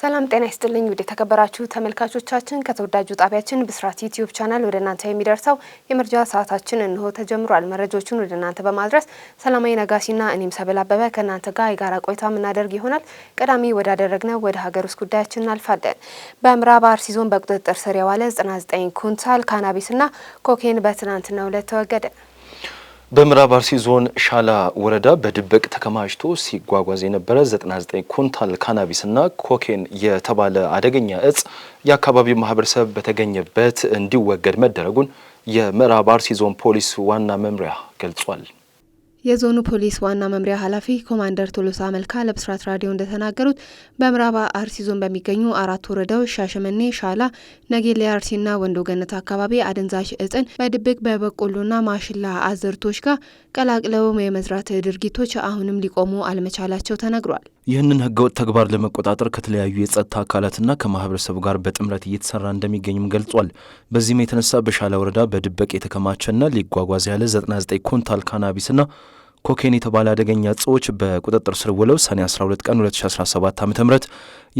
ሰላም ጤና ይስጥልኝ። ውድ የተከበራችሁ ተመልካቾቻችን ከተወዳጁ ጣቢያችን ብስራት ዩቲዩብ ቻናል ወደ እናንተ የሚደርሰው የመረጃ ሰዓታችን እንሆ ተጀምሯል። መረጃዎቹን ወደ እናንተ በማድረስ ሰላማዊ ነጋሲና እኔም ሰብል አበበ ከእናንተ ጋር የጋራ ቆይታ የምናደርግ ይሆናል። ቀዳሚ ወዳደረግነው ወደ ሀገር ውስጥ ጉዳያችን እናልፋለን። በምዕራብ አርሲ ዞን በቁጥጥር ስር የዋለ 99 ኩንታል ካናቢስና ኮኬን በትናንትናው ዕለት ተወገደ። በምዕራብ አርሲ ዞን ሻላ ወረዳ በድብቅ ተከማችቶ ሲጓጓዝ የነበረ 99 ኩንታል ካናቢስና ኮኬን የተባለ አደገኛ እጽ የአካባቢው ማህበረሰብ በተገኘበት እንዲወገድ መደረጉን የምዕራብ አርሲ ዞን ፖሊስ ዋና መምሪያ ገልጿል። የዞኑ ፖሊስ ዋና መምሪያ ኃላፊ ኮማንደር ቶሎሳ መልካ ለብስራት ራዲዮ እንደተናገሩት በምዕራብ አርሲ ዞን በሚገኙ አራት ወረዳዎች ሻሸመኔ፣ ሻላ፣ ነጌሌ አርሲና ወንዶ ገነት አካባቢ አደንዛዥ እጽን በድብቅ በበቆሎና ማሽላ አዝርቶች ጋር ቀላቅለው የመዝራት ድርጊቶች አሁንም ሊቆሙ አለመቻላቸው ተነግሯል። ይህንን ህገወጥ ተግባር ለመቆጣጠር ከተለያዩ የጸጥታ አካላትና ከማህበረሰቡ ጋር በጥምረት እየተሰራ እንደሚገኝም ገልጿል። በዚህም የተነሳ በሻላ ወረዳ በድበቅ የተከማቸና ሊጓጓዝ ያለ 99 ኮንታል ካናቢስና ኮኬን የተባለ አደገኛ እጽዎች በቁጥጥር ስር ውለው ሰኔ 12 ቀን 2017 ዓ ም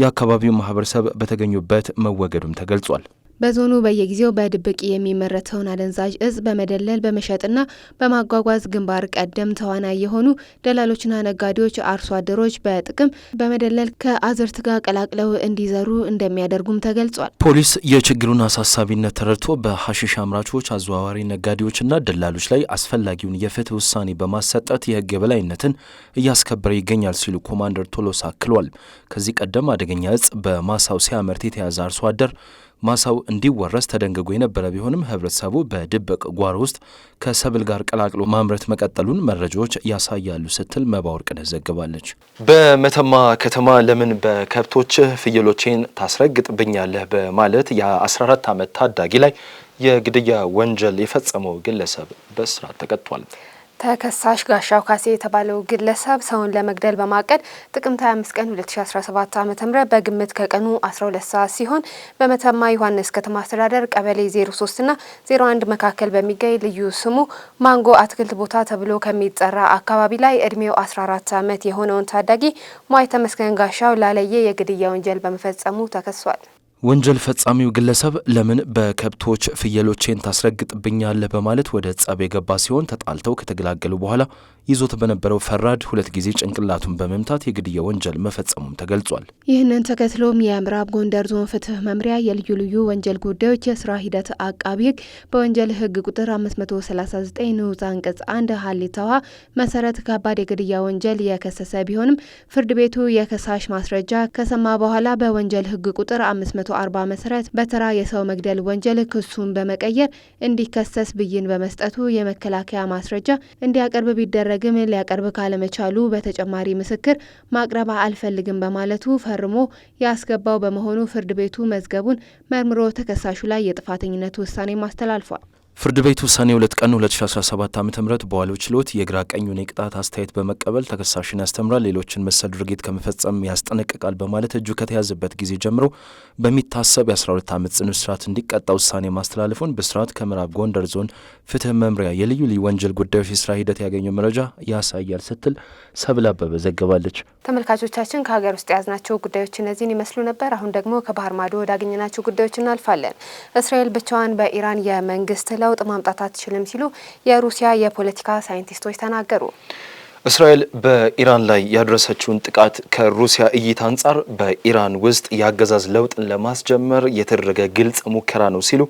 የአካባቢው ማህበረሰብ በተገኙበት መወገዱም ተገልጿል። በዞኑ በየጊዜው በድብቅ የሚመረተውን አደንዛዥ እጽ በመደለል በመሸጥና በማጓጓዝ ግንባር ቀደም ተዋናይ የሆኑ ደላሎችና ነጋዴዎች አርሶ አደሮች በጥቅም በመደለል ከአዝርት ጋር ቀላቅለው እንዲዘሩ እንደሚያደርጉም ተገልጿል። ፖሊስ የችግሩን አሳሳቢነት ተረድቶ በሀሺሽ አምራቾች፣ አዘዋዋሪ ነጋዴዎችና ደላሎች ላይ አስፈላጊውን የፍትህ ውሳኔ በማሰጠት የህግ የበላይነትን እያስከበረ ይገኛል ሲሉ ኮማንደር ቶሎሳ አክሏል። ከዚህ ቀደም አደገኛ እጽ በማሳው ሲያመርት የተያዘ አርሶ አደር ማሳው እንዲወረስ ተደንግጎ የነበረ ቢሆንም ህብረተሰቡ በድብቅ ጓሮ ውስጥ ከሰብል ጋር ቀላቅሎ ማምረት መቀጠሉን መረጃዎች ያሳያሉ ስትል መባወርቅነት ዘግባለች። በመተማ ከተማ ለምን በከብቶች ፍየሎቼን ታስረግጥብኛለህ በማለት የ14 ዓመት ታዳጊ ላይ የግድያ ወንጀል የፈጸመው ግለሰብ በእስራት ተቀጥቷል። ተከሳሽ ጋሻው ካሴ የተባለው ግለሰብ ሰውን ለመግደል በማቀድ ጥቅምት 25 ቀን 2017 ዓ ም በግምት ከቀኑ 12 ሰዓት ሲሆን በመተማ ዮሐንስ ከተማ አስተዳደር ቀበሌ 03 ና 01 መካከል በሚገኝ ልዩ ስሙ ማንጎ አትክልት ቦታ ተብሎ ከሚጠራ አካባቢ ላይ እድሜው 14 ዓመት የሆነውን ታዳጊ ሟይ ተመስገን ጋሻው ላለየ የግድያ ወንጀል በመፈጸሙ ተከሷል። ወንጀል ፈጻሚው ግለሰብ ለምን በከብቶች ፍየሎቼን ታስረግጥብኛለህ በማለት ወደ ጸብ የገባ ሲሆን ተጣልተው ከተገላገሉ በኋላ ይዞት በነበረው ፈራድ ሁለት ጊዜ ጭንቅላቱን በመምታት የግድያ ወንጀል መፈጸሙም ተገልጿል። ይህንን ተከትሎም የምዕራብ ጎንደር ዞን ፍትህ መምሪያ የልዩ ልዩ ወንጀል ጉዳዮች የስራ ሂደት አቃቢ ህግ በወንጀል ህግ ቁጥር 539 ንዑስ አንቀጽ አንድ ሀሌታ ውሃ መሰረት ከባድ የግድያ ወንጀል የከሰሰ ቢሆንም ፍርድ ቤቱ የከሳሽ ማስረጃ ከሰማ በኋላ በወንጀል ህግ ቁጥር 140 መሰረት በተራ የሰው መግደል ወንጀል ክሱን በመቀየር እንዲከሰስ ብይን በመስጠቱ የመከላከያ ማስረጃ እንዲያቀርብ ቢደረግም ሊያቀርብ ካለመቻሉ በተጨማሪ ምስክር ማቅረብ አልፈልግም በማለቱ ፈርሞ ያስገባው በመሆኑ ፍርድ ቤቱ መዝገቡን መርምሮ ተከሳሹ ላይ የጥፋተኝነት ውሳኔ ማስተላልፏል። ፍርድ ቤት ውሳኔ ሁለት ቀን 2017 ዓ ም በዋለው ችሎት የግራ ቀኙን የቅጣት አስተያየት በመቀበል ተከሳሽን ያስተምራል፣ ሌሎችን መሰል ድርጊት ከመፈጸም ያስጠነቅቃል በማለት እጁ ከተያዘበት ጊዜ ጀምሮ በሚታሰብ የ12 ዓመት ጽኑ እስራት እንዲቀጣ ውሳኔ ማስተላለፉን ብስራት ከምዕራብ ጎንደር ዞን ፍትህ መምሪያ የልዩ ልዩ ወንጀል ጉዳዮች የስራ ሂደት ያገኘው መረጃ ያሳያል ስትል ሰብል አበበ ዘግባለች። ተመልካቾቻችን ከሀገር ውስጥ የያዝናቸው ጉዳዮች እነዚህን ይመስሉ ነበር። አሁን ደግሞ ከባህር ማዶ ወዳገኘናቸው ጉዳዮች እናልፋለን። እስራኤል ብቻዋን በኢራን የመንግስት ለው ለውጥ ማምጣት አትችልም ሲሉ የሩሲያ የፖለቲካ ሳይንቲስቶች ተናገሩ። እስራኤል በኢራን ላይ ያደረሰችውን ጥቃት ከሩሲያ እይታ አንጻር በኢራን ውስጥ የአገዛዝ ለውጥን ለማስጀመር የተደረገ ግልጽ ሙከራ ነው ሲሉ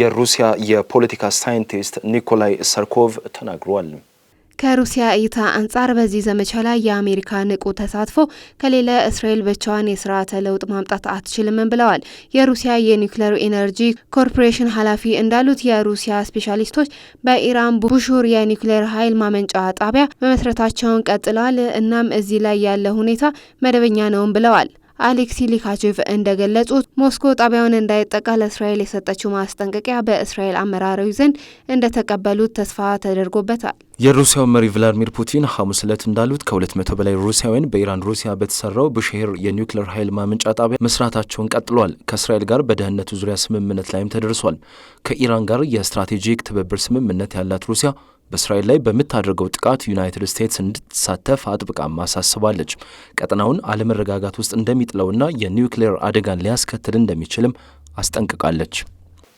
የሩሲያ የፖለቲካ ሳይንቲስት ኒኮላይ ሰርኮቭ ተናግረዋል። ከሩሲያ እይታ አንጻር በዚህ ዘመቻ ላይ የአሜሪካ ንቁ ተሳትፎ ከሌለ እስራኤል ብቻዋን የስርዓተ ለውጥ ማምጣት አትችልም ብለዋል። የሩሲያ የኒውክሌር ኢነርጂ ኮርፖሬሽን ኃላፊ እንዳሉት የሩሲያ ስፔሻሊስቶች በኢራን ቡሹር የኒውክሌር ኃይል ማመንጫ ጣቢያ መመስረታቸውን ቀጥለዋል። እናም እዚህ ላይ ያለ ሁኔታ መደበኛ ነውም ብለዋል። አሌክሲ ሊካቼቭ እንደገለጹት ሞስኮ ጣቢያውን እንዳይጠቃ ለእስራኤል የሰጠችው ማስጠንቀቂያ በእስራኤል አመራሮች ዘንድ እንደተቀበሉት ተስፋ ተደርጎበታል። የሩሲያው መሪ ቭላድሚር ፑቲን ሐሙስ ዕለት እንዳሉት ከ200 በላይ ሩሲያውያን በኢራን ሩሲያ በተሰራው በሸሄር የኒውክሌር ኃይል ማመንጫ ጣቢያ መስራታቸውን ቀጥሏል። ከእስራኤል ጋር በደህንነቱ ዙሪያ ስምምነት ላይም ተደርሷል። ከኢራን ጋር የስትራቴጂክ ትብብር ስምምነት ያላት ሩሲያ በእስራኤል ላይ በምታደርገው ጥቃት ዩናይትድ ስቴትስ እንድትሳተፍ አጥብቃ አሳስባለች። ቀጠናውን አለመረጋጋት ውስጥ እንደሚጥለውና የኒውክሌር አደጋን ሊያስከትል እንደሚችልም አስጠንቅቃለች።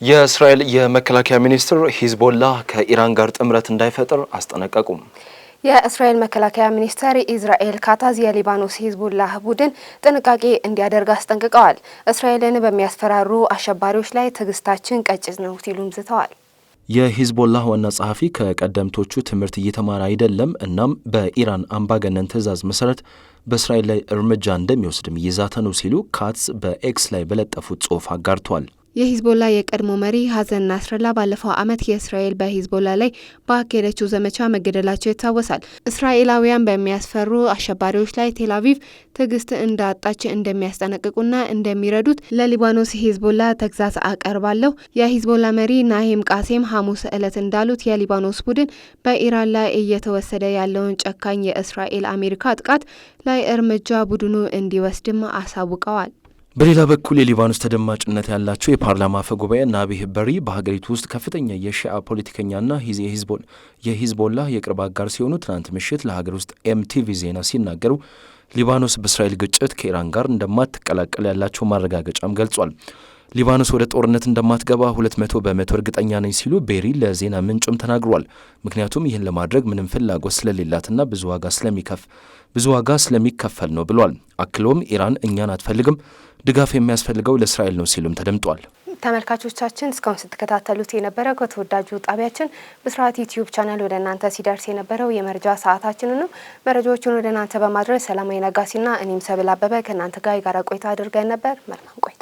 የእስራኤል የመከላከያ ሚኒስትር ሂዝቦላ ከኢራን ጋር ጥምረት እንዳይፈጥር አስጠነቀቁም። የእስራኤል መከላከያ ሚኒስተር ኢዝራኤል ካታዝ የሊባኖስ ሂዝቡላህ ቡድን ጥንቃቄ እንዲያደርግ አስጠንቅቀዋል። እስራኤልን በሚያስፈራሩ አሸባሪዎች ላይ ትዕግስታችን ቀጭን ነው ሲሉም ዝተዋል። የሂዝቦላህ ዋና ጸሐፊ ከቀደምቶቹ ትምህርት እየተማረ አይደለም፣ እናም በኢራን አምባገነን ትእዛዝ መሠረት በእስራኤል ላይ እርምጃ እንደሚወስድም እየዛተ ነው ሲሉ ካትስ በኤክስ ላይ በለጠፉት ጽሑፍ አጋርቷል። የሂዝቦላ የቀድሞ መሪ ሀዘን ናስረላ ባለፈው ዓመት የእስራኤል በሂዝቦላ ላይ በአካሄደችው ዘመቻ መገደላቸው ይታወሳል። እስራኤላውያን በሚያስፈሩ አሸባሪዎች ላይ ቴላቪቭ ትዕግስት እንዳጣች እንደሚያስጠነቅቁና እንደሚረዱት ለሊባኖስ ሂዝቦላ ተግዛዝ አቀርባለሁ። የሂዝቦላ መሪ ናሂም ቃሴም ሐሙስ ዕለት እንዳሉት የሊባኖስ ቡድን በኢራን ላይ እየተወሰደ ያለውን ጨካኝ የእስራኤል አሜሪካ ጥቃት ላይ እርምጃ ቡድኑ እንዲወስድም አሳውቀዋል። በሌላ በኩል የሊባኖስ ተደማጭነት ያላቸው የፓርላማ አፈ ጉባኤ ናቢህ በሪ በሀገሪቱ ውስጥ ከፍተኛ የሺአ ፖለቲከኛና የሂዝቦላ የቅርብ አጋር ሲሆኑ ትናንት ምሽት ለሀገር ውስጥ ኤምቲቪ ዜና ሲናገሩ ሊባኖስ በእስራኤል ግጭት ከኢራን ጋር እንደማትቀላቀል ያላቸው ማረጋገጫም ገልጿል። ሊባኖስ ወደ ጦርነት እንደማትገባ ሁለት መቶ በመቶ እርግጠኛ ነኝ ሲሉ ቤሪ ለዜና ምንጭም ተናግሯል። ምክንያቱም ይህን ለማድረግ ምንም ፍላጎት ስለሌላትና ብዙ ዋጋ ስለሚከፍ ብዙ ዋጋ ስለሚከፈል ነው ብሏል። አክሎም ኢራን እኛን አትፈልግም ድጋፍ የሚያስፈልገው ለእስራኤል ነው ሲሉም ተደምጧል። ተመልካቾቻችን እስካሁን ስትከታተሉት የነበረው ከተወዳጁ ጣቢያችን ብስራት ዩቲዩብ ቻናል ወደ እናንተ ሲደርስ የነበረው የመረጃ ሰዓታችን ነው። መረጃዎቹን ወደ እናንተ በማድረስ ሰላማዊ ነጋሲና እኔም ሰብል አበበ ከእናንተ ጋር የጋራ ቆይታ አድርገን ነበር። መልካም ቆይታ